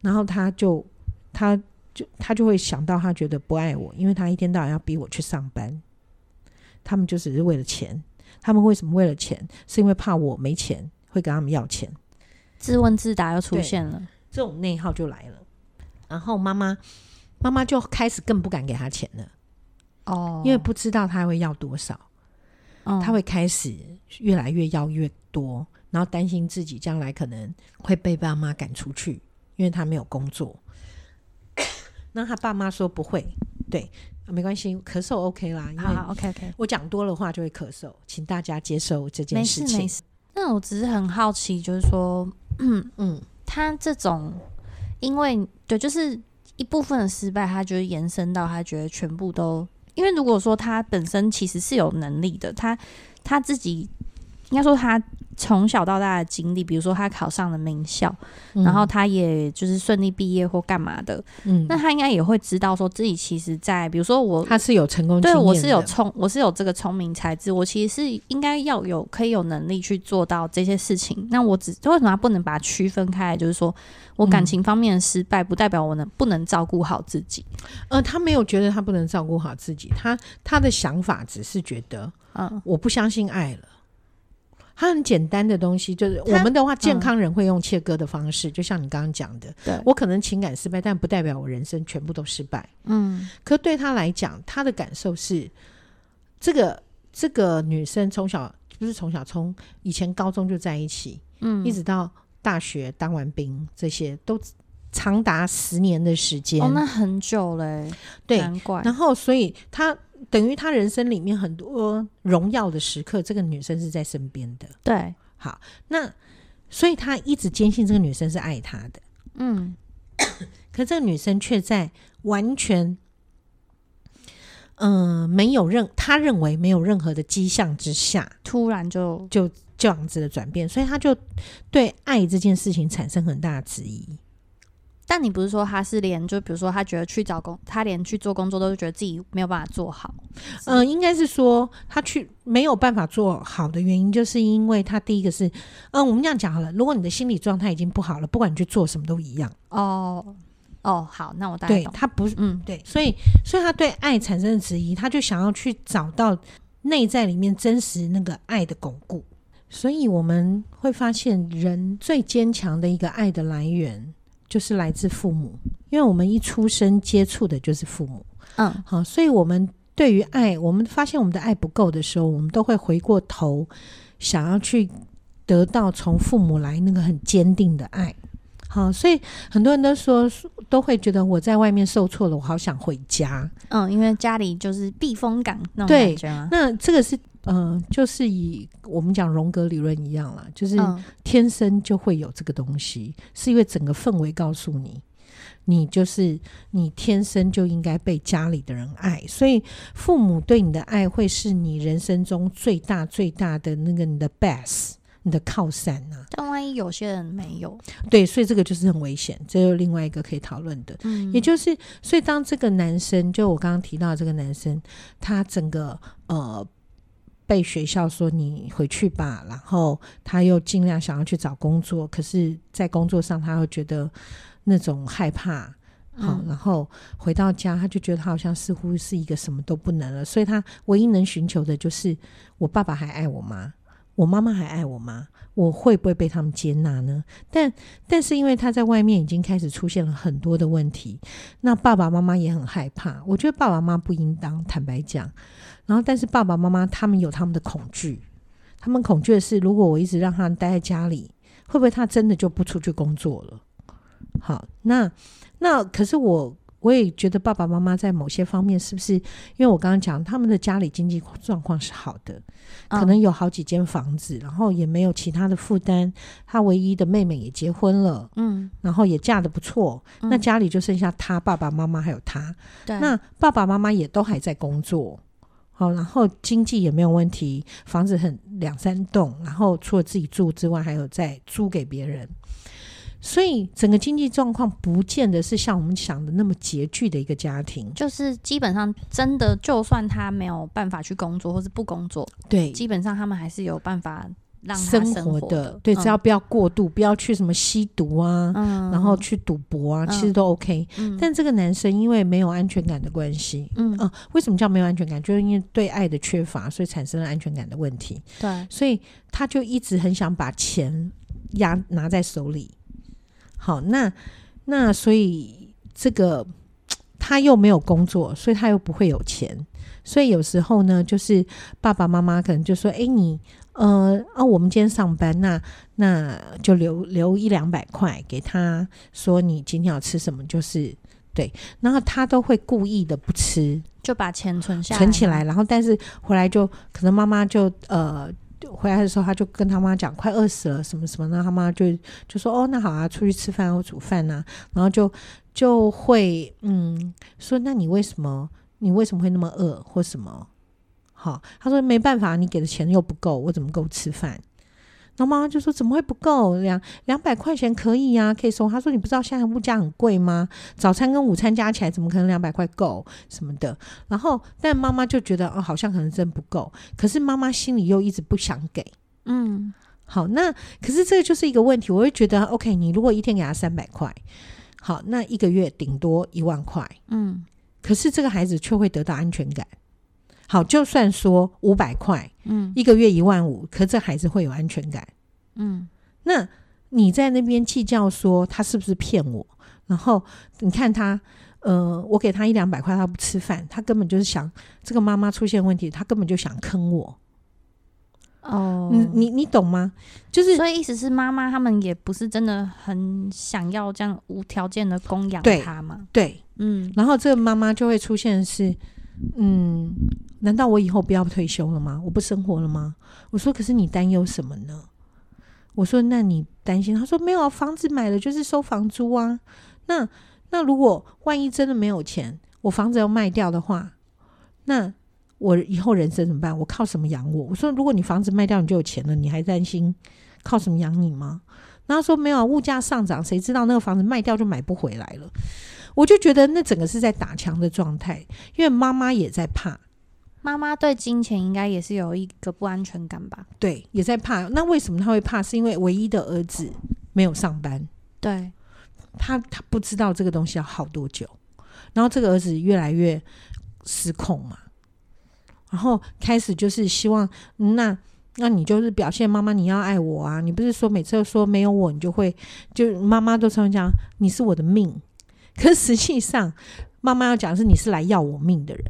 然後他就，他就，他就，他就會想到他覺得不愛我，因為他一天到晚要逼我去上班，他們就只是為了錢，他們為什麼為了錢？是因為怕我沒錢會跟他們要錢，自問自答又出現了，這種內耗就來了。然後媽媽媽媽就開始更不敢給他錢了，哦，因為不知道他會要多少，他會開始越來越要越多，然後擔心自己將來可能會被爸媽趕出去，因為他沒有工作。那他爸媽說不會，對，沒關係，咳嗽 OK 啦，因為 OK 我講多的話就會咳嗽，請大家接受這件事情。沒事沒事，那我只是很好奇，就是說，嗯嗯，他這種。因為對，就是一部分的失敗，他覺得延伸到他覺得全部都，因為如果說他本身其實是有能力的，他他自己應該說他。從小到大的經歷，比如說他考上了名校，嗯、然後他也就是順利畢業或幹嘛的，嗯，那他應該也會知道，說自己其實在比如說我他是有成功的，對，我是有聰，我是有這個聰明才智，我其實是應該要有可以有能力去做到這些事情。那我只為什麼他不能把它區分開來？就是說我感情方面的失敗，不代表我能不能照顧好自己、嗯。呃，他沒有覺得他不能照顧好自己，他他的想法只是覺得，啊、嗯，我不相信愛了。他很簡單的東西，就是我們的話，健康人會用切割的方式，嗯、就像你剛剛講的，對 我可能情感失敗，但不代表我人生全部都失敗。嗯，可，可對他來講，他的感受是，這個這個女生從小不、就是從小從以前高中就在一起，嗯，一直到大學當完兵，這些都長達十年的時間。哦，那很久嘞。欸，對，難怪。然後，所以他。等於他人生裡面很多榮耀的時刻，這個女生是在身邊的。對，好，那所以他一直堅信這個女生是愛他的。嗯，可這個女生卻在完全，嗯、呃，沒有任他認為沒有任何的跡象之下，突然就就這樣子的轉變，所以他就對愛這件事情產生很大的質疑。但你不是說他是連就比如說他覺得去找工，他連去做工作都是覺得自己沒有辦法做好。嗯、呃，應該是說他去沒有辦法做好的原因，就是因為他第一個是，嗯，我們這樣講好了，如果你的心理狀態已經不好了，不管你去做什麼都一樣。哦，哦，好，那我大概懂。對，他不是，嗯，對，所以，所以他對愛產生的質疑，他就想要去找到內在裡面真實那個愛的鞏固。所以我們會發現，人最堅強的一個愛的來源，就是來自父母，因為我們一出生接觸的就是父母，嗯，好，所以我們對於愛，我們發現我們的愛不夠的時候，我們都會回過頭想要去得到從父母來那個很堅定的愛，好，所以很多人都說都會覺得我在外面受挫了，我好想回家，嗯，因為家裡就是避風港，那種感覺嗎？對，那這個是。嗯、呃，就是以我們講榮格理論一樣啦，就是天生就會有這個東西，嗯、是因為整個氛圍告訴你，你就是你天生就應該被家裡的人愛，所以父母對你的愛會是你人生中最大最大的那個你的 best 你的靠山吶、啊。但萬一有些人沒有，對，所以這個就是很危險，這有另外一個可以討論的，嗯、也就是所以當這個男生，就我剛剛提到這個男生，他整個呃。被學校說，你回去吧，然後他又盡量想要去找工作，可是，在工作上他會覺得那種害怕，好、嗯哦，然後回到家他就覺得他好像似乎是一個什麼都不能了，所以他唯一能尋求的就是我爸爸還愛我嗎，我媽媽還愛我嗎，我會不會被他們接納呢？但但是因為他在外面已經開始出現了很多的問題，那爸爸媽媽也很害怕。我覺得爸爸媽媽不應當坦白講。然後，但是爸爸媽媽他們有他們的恐懼，他們恐懼的是，如果我一直讓他們待在家裡，會不會他真的就不出去工作了？好，那那可是我我也覺得爸爸媽媽在某些方面是不是？因為我剛剛講他們的家裡經濟狀況是好的，可能有好幾間房子，哦、然後也沒有其他的負擔。他唯一的妹妹也結婚了，嗯，然後也嫁得不錯。嗯、那家裡就剩下他爸爸媽媽還有他，對那爸爸媽媽也都還在工作。好，然後經濟也沒有問題，房子，很兩三棟，然後除了自己住之外，還有在租給別人，所以整個經濟狀況不見得是像我們想的那麼拮據的一個家庭，就是基本上真的，就算他沒有辦法去工作，或是不工作，對，基本上他們還是有辦法生活的，對，只要不要過度，不要去什麼吸毒啊，嗯、然後去賭博啊，嗯、其實都 OK、嗯。但這個男生因為沒有安全感的關係，嗯、啊、為什麼叫沒有安全感？就是因為對愛的缺乏，所以產生了安全感的問題。對，所以他就一直很想把錢壓拿在手裡。好，那那所以這個他又沒有工作，所以他又不會有錢。所以有時候呢，就是爸爸媽媽可能就說：“哎、欸，你呃啊，我們今天上班，那那就留留一兩百塊給他，說你今天要吃什麼，就是對。然後他都會故意的不吃，就把錢存下來，存起來。然後但是回來就可能媽媽就呃回來的時候，他就跟他媽講，快餓死了什麼什麼。然後他媽就就說：哦，那好啊，出去吃飯或、啊、煮飯吶、啊。然後就就會嗯說，那你為什麼？”你為什麼會那麼餓或什麼？好，他說沒辦法，你給的錢又不夠，我怎麼夠吃飯？那媽媽就說怎麼會不夠？兩兩百塊錢可以呀、啊，可以說，他說你不知道現在物價很貴嗎？早餐跟午餐加起來怎麼可能兩百塊夠什麼的？然後但媽媽就覺得哦，好像可能真不夠。可是媽媽心裡又一直不想給。嗯，好，那可是這就是一個問題。我會覺得 OK，你如果一天給他三百塊，好，那一個月頂多一萬塊。嗯。可是這個孩子卻會得到安全感。好，就算說五百塊，嗯，一個月一萬五，可這孩子會有安全感。嗯，那你在那邊計較說他是不是騙我？然後你看他，呃，我給他一兩百塊，他不吃飯，他根本就是想，這個媽媽出現問題，他根本就想坑我。哦、嗯，你你你懂嗎？就是，所以意思是媽媽他們也不是真的很想要這樣無條件的供養他嘛？對，嗯。然後這個媽媽就會出現的是，嗯，難道我以後不要退休了嗎？我不生活了嗎？我說，可是你擔憂什麼呢？我說，那你擔心？他說，沒有啊，房子買了就是收房租啊。那那如果萬一真的沒有錢，我房子要賣掉的話，那。我以後人生怎麼辦？我靠什麼養我？我說，如果你房子賣掉，你就有錢了，你還擔心靠什麼養你嗎？然後說沒有啊，物價上漲，誰知道那個房子賣掉就買不回來了。我就覺得那整個是在打牆的狀態，因為媽媽也在怕，媽媽對金錢應該也是有一個不安全感吧？對，也在怕。那為什麼她會怕？是因為唯一的兒子沒有上班，對，她她不知道這個東西要耗多久，然後這個兒子越來越失控嘛。然後開始就是希望，那那你就是表現媽媽你要愛我啊！你不是說每次都說沒有我你就會就媽媽都常常講你是我的命，可實際上媽媽要講的是你是來要我命的人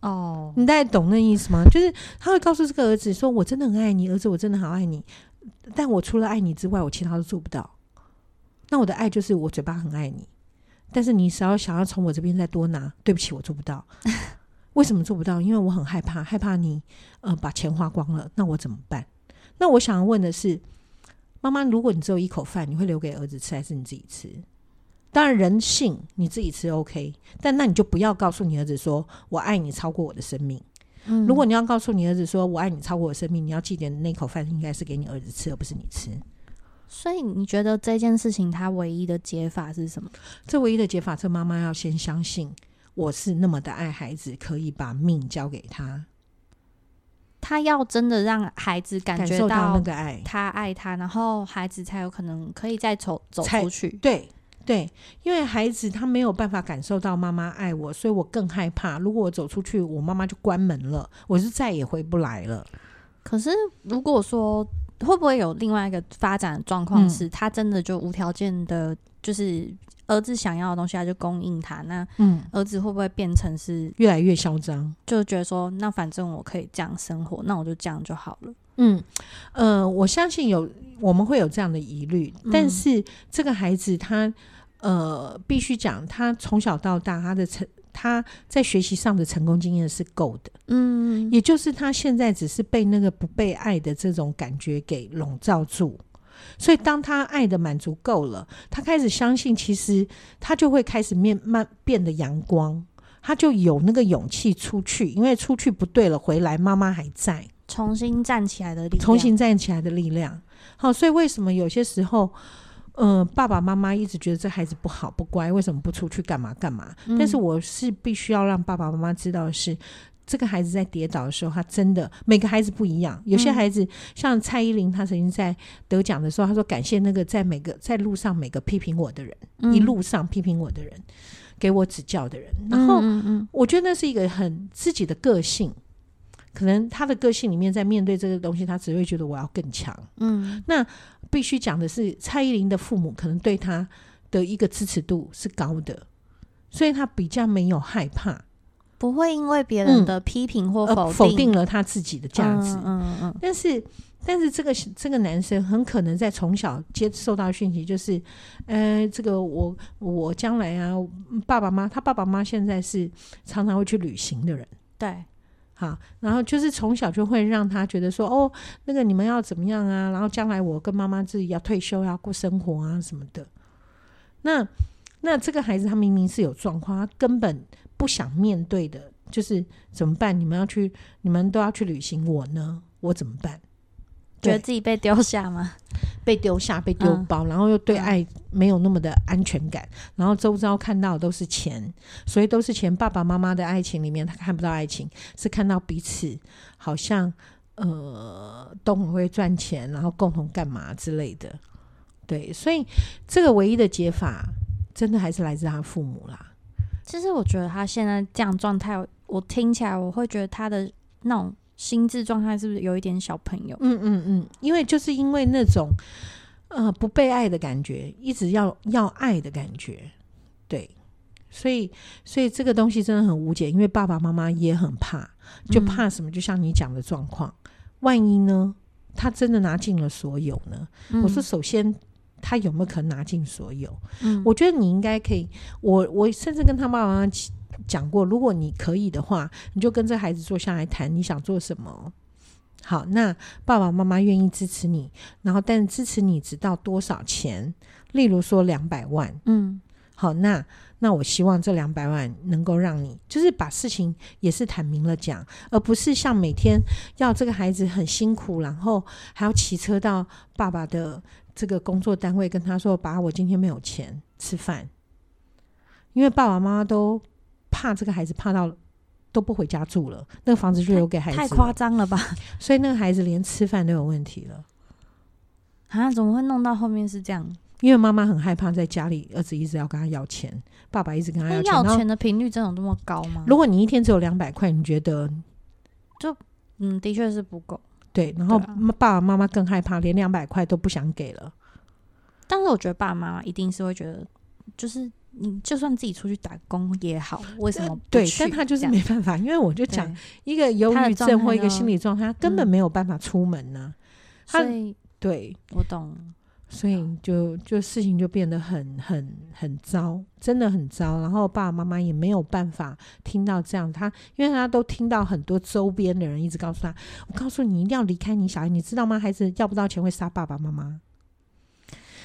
哦！Oh. 你大概懂那意思嗎？就是他會告訴這個兒子說：“我真的很愛你，兒子我真的好愛你，但我除了愛你之外，我其他都做不到。那我的愛就是我嘴巴很愛你，但是你只要想要從我這邊再多拿，對不起，我做不到。” 為什麼做不到？因為我很害怕，害怕你，呃，把錢花光了，那我怎麼辦？那我想要問的是，媽媽，如果你只有一口飯，你會留給兒子吃，還是你自己吃？當然，人性，你自己吃 OK，但那你就不要告訴你兒子說我愛你超過我的生命。嗯，如果你要告訴你兒子說我愛你超過我的生命，你要記得那口飯應該是給你兒子吃，而不是你吃。所以你覺得這件事情它唯一的解法是什麼？這唯一的解法是媽媽要先相信。我是那麼的愛孩子，可以把命交給他。他要真的讓孩子感受到那個愛，他愛他，然後孩子才有可能可以再走、走出去。對對，因為孩子他沒有辦法感受到媽媽愛我，所以我更害怕。如果我走出去，我媽媽就關門了，我是再也回不來了。可是如果說，會不會有另外一個發展的狀況是，他真的就無條件的，就是兒子想要的東西，他就供應他？那，嗯，兒子會不會變成是越來越囂張，就覺得說，那反正我可以這樣生活，那我就這樣就好了？嗯，呃，我相信有我們會有這樣的疑慮，但是這個孩子他，呃，必須講，他從小到大他的成。他在學習上的成功經驗是夠的，嗯，也就是他現在只是被那個不被愛的這種感覺給籠罩住，所以當他愛的滿足夠了，他開始相信，其實他就會開始慢慢，變得陽光，他就有那個勇氣出去，因為出去不對了，回來媽媽還在，重新站起來的力量，重新站起來的力量。好，所以為什麼有些時候，嗯，爸爸媽媽一直覺得這孩子不好不乖，為什麼不出去幹嘛幹嘛？嗯、但是我是必須要讓爸爸媽媽知道的是，是這個孩子在跌倒的時候，他真的每個孩子不一樣。有些孩子、嗯、像蔡依林，他曾經在得獎的時候，他說感謝那個在每個在路上每個批評我的人，嗯、一路上批評我的人，給我指教的人。然後嗯嗯嗯我覺得那是一個很自己的個性，可能他的個性裡面在面對這個東西，他只會覺得我要更強。嗯，那。必須講的是，蔡依林的父母可能對她的一個支持度是高的，所以她比較沒有害怕，不會因為別人的批評或否定，嗯、否定了她自己的價值。嗯，嗯嗯。但是，但是這個這個男生很可能在從小接受到訊息，就是，呃，這個我我將來啊，爸爸媽他爸爸媽現在是常常會去旅行的人，對。好，然後就是從小就會讓他覺得說，哦，那個你們要怎麼樣啊？然後將來我跟媽媽自己要退休要過生活啊什麼的。那那這個孩子他明明是有狀況，他根本不想面對的，就是怎麼辦？你們要去，你們都要去旅行，我呢，我怎麼辦？對覺得自己被丟下嗎？被丟下，被丟包，嗯、然後又對愛沒有那麼的安全感，嗯、然後周遭看到的都是錢，所以都是錢。爸爸媽媽的愛情裡面，他看不到愛情，是看到彼此好像呃都很會賺錢，然後共同幹嘛之類的。對，所以這個唯一的解法，真的還是來自他父母啦。其實我覺得他現在這樣狀態，我聽起來我會覺得他的那種。心智狀態是不是有一點小朋友？嗯嗯嗯，因為就是因為那種呃不被愛的感覺，一直要要愛的感覺，對，所以所以這個東西真的很無解，因為爸爸媽媽也很怕，就怕什麼？就像你講的狀況，嗯、萬一呢，他真的拿盡了所有呢？嗯、我說，首先他有沒有可能拿盡所有？嗯、我覺得你應該可以，我我甚至跟他爸爸媽媽。講過，如果你可以的話，你就跟這孩子坐下來談，你想做什麼？好，那爸爸媽媽願意支持你，然後但支持你直到多少錢？例如說兩百萬，嗯，好，那那我希望這兩百萬能夠讓你，就是把事情也是坦明了講，而不是像每天要這個孩子很辛苦，然後還要騎車到爸爸的這個工作單位，跟他說：“爸，我今天沒有錢吃飯。”因為爸爸媽媽都。怕這個孩子怕到都不回家住了，那個房子就留給孩子太。太誇張了吧！所以那個孩子連吃飯都有問題了。啊，怎麼會弄到後面是這樣？因為媽媽很害怕在家裡，兒子一直要跟他要錢，爸爸一直跟他要錢。要錢的頻率真有那麼高嗎？如果你一天只有兩百塊，你覺得就嗯，的確是不夠。對，然後爸爸媽媽更害怕，連兩百塊都不想給了、啊。但是我覺得爸爸媽媽一定是會覺得，就是。你就算自己出去打工也好，為什麼不、呃？對，但他就是沒辦法，因為我就講對一個憂鬱症或一個心理狀態，他他根本沒有辦法出門呢、啊。嗯、他所以對，我懂，所以就就事情就變得很很很糟，真的很糟。然後爸爸媽媽也沒有辦法聽到這樣，他因為他都聽到很多周邊的人一直告訴他，我告訴你一定要離開你小孩，你知道嗎？孩子要不到錢會殺爸爸媽媽。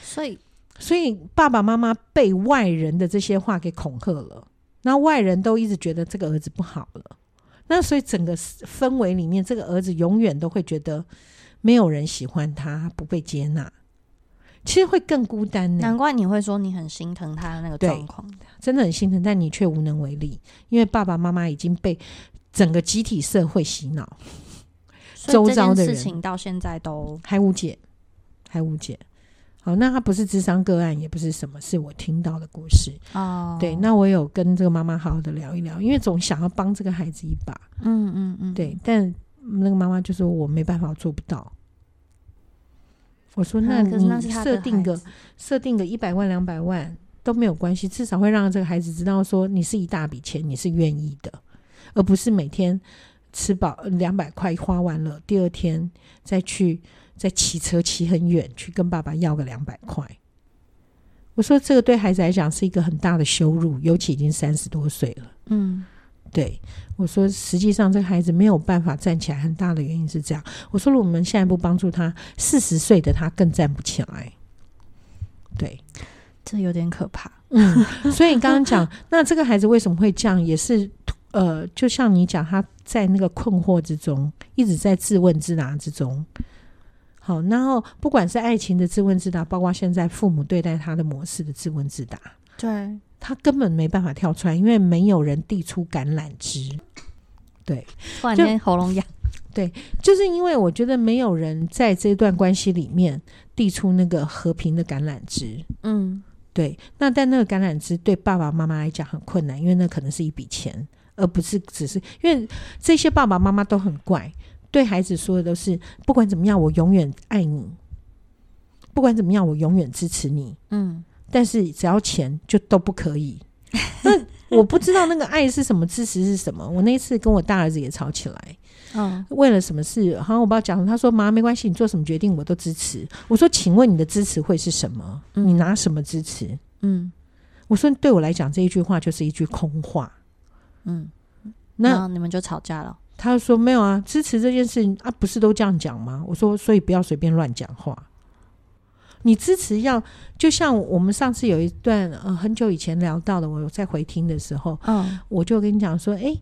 所以。所以爸爸媽媽被外人的這些話給恐嚇了，那外人都一直覺得這個兒子不好了，那所以整個氛圍裡面，這個兒子永遠都會覺得沒有人喜歡他，不被接納，其實會更孤單呢。難怪你會說你很心疼他的那個狀況，真的很心疼，但你卻無能為力，因為爸爸媽媽已經被整個集體社會洗腦，周遭的事情到現在都還無解，還無解。好，那他不是諮商個案，也不是什麼，是我聽到的故事。哦，oh. 對，那我有跟這個媽媽好好的聊一聊，因為總想要幫這個孩子一把。嗯嗯嗯，嗯嗯對，但那個媽媽就說我沒辦法，做不到。我說那你設定個設、嗯、定個一百萬兩百萬都沒有關係，至少會讓這個孩子知道說你是一大筆錢，你是願意的，而不是每天吃飽兩百塊花完了，第二天再去。在騎車騎很遠去跟爸爸要個兩百塊，我說這個對孩子來講是一個很大的羞辱，尤其已經三十多歲了。嗯，對我說，實際上這個孩子沒有辦法站起來，很大的原因是這樣。我說如果我們現在不幫助他，四十歲的他更站不起來。對，這有點可怕。嗯，所以你剛剛講， 那這個孩子為什麼會這樣？也是呃，就像你講，他在那個困惑之中，一直在自問自答之中。好，然後不管是愛情的自問自答，包括現在父母對待他的模式的自問自答，對，他根本沒辦法跳出來，因為沒有人遞出橄欖枝。對，突不然間就喉嚨啞，對，就是因為我覺得沒有人在這段關係裡面遞出那個和平的橄欖枝。嗯，對。那但那個橄欖枝對爸爸媽媽來講很困難，因為那可能是一筆錢，而不是只是因為這些爸爸媽媽都很怪。對孩子說的都是不管怎麼樣，我永遠愛你；不管怎麼樣，我永遠支持你。嗯，但是只要錢就都不可以。那我不知道那個愛是什麼，支持是什麼。我那一次跟我大兒子也吵起來，嗯，為了什麼事？好像我爸講，他說媽沒關係，你做什麼決定我都支持。我說，請問你的支持會是什麼？你拿什麼支持？嗯，我說對我來講這一句話就是一句空話。嗯，那你們就吵架了。他就說：“沒有啊，支持這件事情啊，不是都這樣講嗎？”我說：“所以不要隨便亂講話。你支持要就像我們上次有一段呃很久以前聊到的，我在回聽的時候，嗯，我就跟你講說，誒、欸，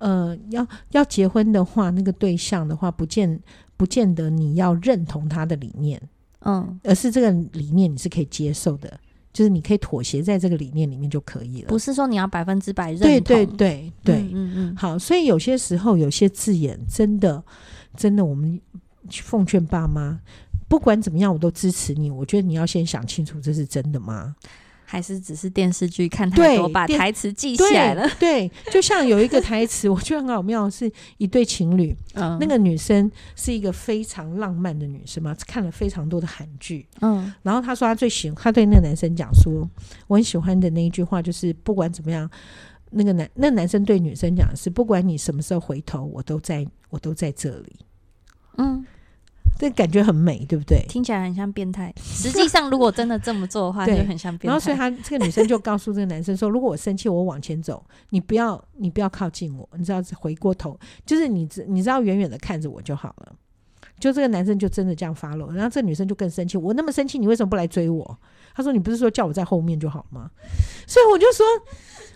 呃，要要結婚的話，那個對象的話，不見不見得你要認同他的理念，嗯，而是這個理念你是可以接受的。”就是你可以妥協在這個理念裡面就可以了，不是說你要百分之百認同。對對對對，嗯嗯，嗯。好，所以有些時候有些字眼，真的真的，我們奉勸爸媽，不管怎麼樣，我都支持你。我覺得你要先想清楚，這是真的嗎？還是只是電視劇看太多，對把台詞記起來了對。對，就像有一個台詞， 我覺得很好妙，是一對情侶，嗯、那個女生是一個非常浪漫的女生嘛，看了非常多的韓劇，嗯，然後她說她最喜歡，她對那個男生講說，我很喜歡的那一句話就是，不管怎麼樣，那個男，那男生對女生講的是，不管你什麼時候回頭，我都在，我都在這裡，嗯。這感覺很美，對不對？聽起來很像變態。實際上，如果真的這麼做的話， 就很像變態。然後，所以他這個女生就告訴這個男生說：“ 如果我生氣，我往前走，你不要，你不要靠近我，你只要回過頭，就是你，你只要遠遠的看着我就好了。”就這個男生就真的這樣發了。然後這個女生就更生氣。我那麼生氣，你為什麼不來追我？他說你不是說叫我在後面就好嗎？所以我就說，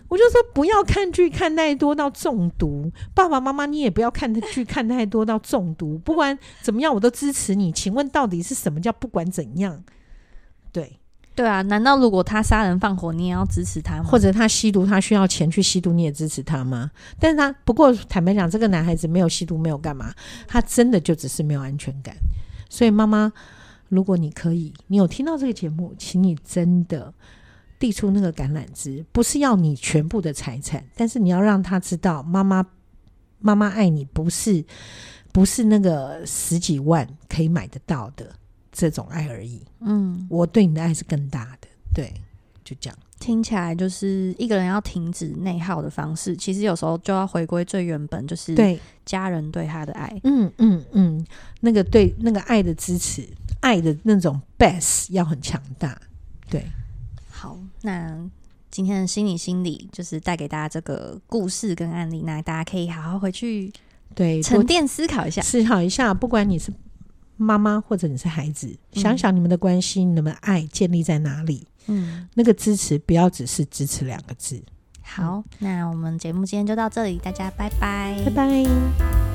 我就說不要看劇看太多到中毒。爸爸媽媽，你也不要看劇看太多到中毒。不管怎麼樣，我都支持你。請問到底是什麼叫不管怎樣？對。對啊，難道如果他殺人放火，你也要支持他嗎？或者他吸毒，他需要錢去吸毒，你也支持他嗎？但是他不過坦白講，這個男孩子沒有吸毒，沒有幹嘛，他真的就只是沒有安全感。所以媽媽，如果你可以，你有聽到這個節目，請你真的遞出那個橄欖枝，不是要你全部的財產，但是你要讓他知道，媽媽、媽媽愛你，不是，不是那個十幾萬可以買得到的。這種愛而已，嗯，我對你的愛是更大的，對，就這樣。聽起來就是一個人要停止內耗的方式，其實有時候就要回歸最原本，就是對家人對他的愛，對，嗯嗯嗯，那個對那個愛的支持，愛的那種 best 要很強大，對。好，那今天的心理心理就是帶給大家這個故事跟案例，那大家可以好好回去對沉澱思考一下，思考一下，不管你是。媽媽或者你是孩子，嗯、想想你們的關係，你們的愛建立在哪裡？嗯，那個支持不要只是支持兩個字。好，嗯、那我們節目今天就到這裡，大家拜拜，拜拜。